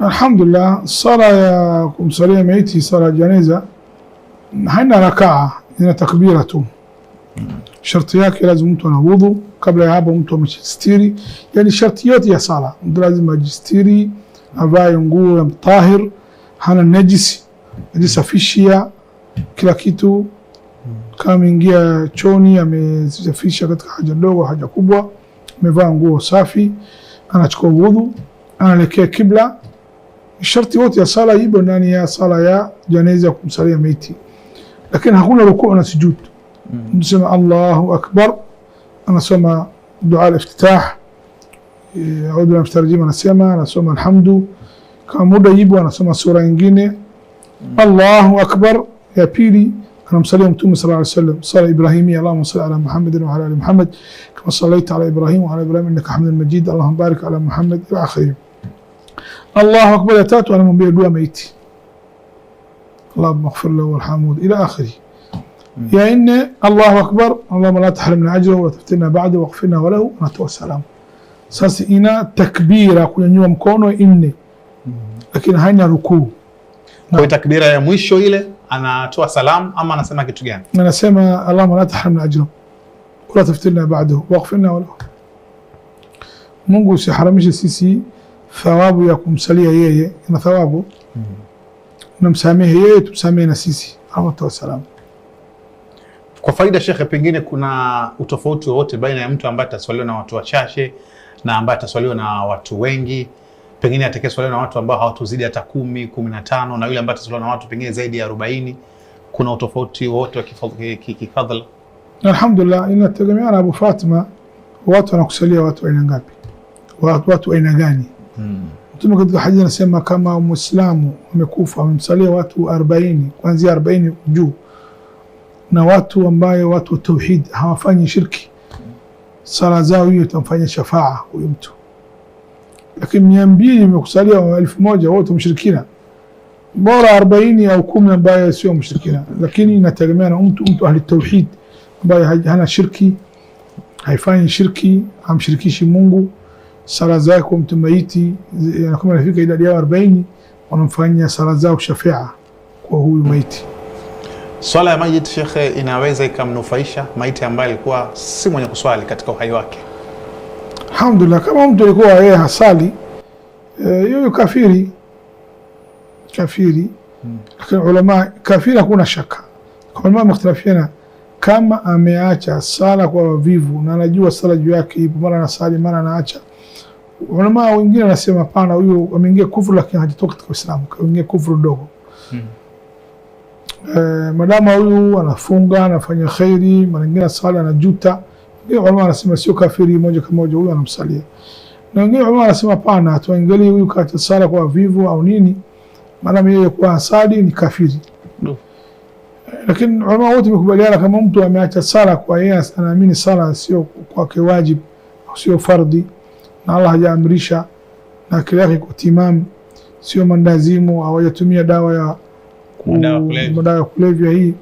Alhamdulillah, sala ya kumsalia maiti, sala ya janeza haina rakaa, ina takbira tu. Sharti yake lazima mtu ana wudhu, kabla ya hapo mtu amejistiri, yani sharti yote ya sala mtu lazima ajistiri, avae nguo ya mtahir, hana najisi, ajisafishia kila kitu, kama ameingia choni amesafisha katika haja ndogo, haja kubwa, amevaa nguo safi, anachukua wudhu, anaelekea kibla الشرطي يوت يا صلاة يبنان يا صلاة يا جنازة كمسرية ميتي لكن هقول ركوع أنا سجود نسمع الله أكبر أنا سمع دعاء الافتتاح إيه، أعوذ بالله من أنا سمع أنا سمع الحمد كان مدة يبو أنا سمع سورة إنجيل الله أكبر يا بيلي أنا مصلي متوم صلى الله عليه وسلم صلى إبراهيمي اللهم صل على محمد وعلى آل محمد كما صليت على إبراهيم وعلى إبراهيم إنك حميد مجيد اللهم بارك على محمد إلى آخره الله أكبر يا تاتو انا مبيع بيدوا ميتي اللهم اغفر له والحمود إلى آخره يا إن الله أكبر اللهم لا تحرمنا أجره ولا تفتنا بعده واغفرنا وله ونتوى السلام سأسئنا تكبيرا كل يوم كونوا ان لكن هاينا ركوع نعم. كوي تكبيرا يا مويشو إلي أنا توى السلام أما أنا سمعك تجان أنا سمع اللهم لا تحرمنا أجره ولا تفتنا بعده واغفرنا وله مونغو سي حرمش السيسي thawabu ya kumsalia yeye na thawabu mm -hmm. Namsamehe yeye tumsamehe na sisi rahmatu wassalamu. Kwa faida shekhe, pengine kuna utofauti wowote baina ya mtu ambaye ataswaliwa na watu wachache na ambaye ataswaliwa na watu wengi, pengine atakayeswaliwa na watu ambao hawatuzidi hata kumi kumi na tano na yule ambaye ataswaliwa na watu pengine zaidi ya arobaini kuna utofauti wowote wa kifadhila? Alhamdulillah, inategemeana. Abu Fatima, watu wanakusalia watu aina ngapi? Watu aina gani? Mm. Mtume katika hadithi anasema kama Muislamu amekufa amemsalia watu arobaini kuanzia arobaini juu na watu ambayo watu wa tauhid hawafanyi shirki, sala zao hiyo itamfanya shafaa huyo mtu. Lakini mia mbili imekusalia elfu moja wote mshirikina, bora arobaini au kumi ambayo sio mshirikina, lakini inategemea na mtu mtu ahli tauhid ambaye hana shirki, haifanyi shirki, hamshirikishi Mungu sala zake mtu maiti, kama anafika idadi yao 40 wanamfanyia sala zao shafia kwa huyu maiti. Swala ya maiti shekhe, inaweza ikamnufaisha maiti ambaye alikuwa si mwenye kuswali katika uhai wake? Alhamdulillah, kama mtu alikuwa yeye hasali hiyo eh, e, kafiri kafiri hmm. Lakini ulama kafiri hakuna shaka, kwa maana wamekhtalafiana kama ameacha sala kwa wavivu na anajua sala juu yake ipo, mara anasali mara anaacha Wanamaa wengine wanasema hapana, huyu ameingia kufuru, lakini hajatoka katika Uislamu, kaingia kufuru dogo. mm. E, eh, madama huyu anafunga anafanya khairi, mara nyingine swali anajuta. Ndio wanamaa wanasema sio kafiri moja kwa moja, huyu anamsalia. Na wengine wanamaa wanasema hapana, tuangalie huyu kaacha sala kwa vivu au nini, maana yeye kwa asadi ni kafiri. mm. Lakini wanamaa wote wamekubaliana kama mtu ameacha sala kwa yeye anaamini sala sio kwake wajibu, sio fardhi na Allah hajaamrisha, na kile yake kutimamu, sio mandazimu, hawajatumia dawa ya madawa ya kulevya hii,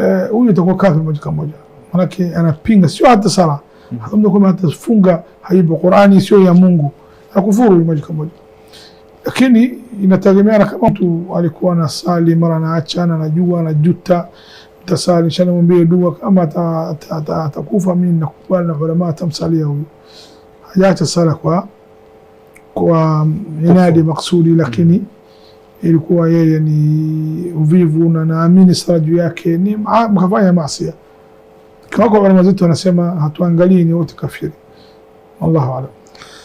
eh, huyu atakuwa kafir moja kwa moja, manake anapinga sio hata sala, hmm. hata mtu kama atafunga haibu, Qur'ani sio ya Mungu, akufuru moja kwa moja. Lakini inategemeana kama mtu alikuwa na sali mara anaacha na anajua anajuta, tasali shana mwambie dua, kama atakufa mimi nakubali na ulama atamsalia huyu hajaacha sala kwa kwa inadi maksudi, lakini ilikuwa yeye ni uvivu, na naamini sala juu yake ni ah, mkafanya maasi. Kwa kwa walama zetu wanasema hatuangalii ni wote kafiri, wallahu alam.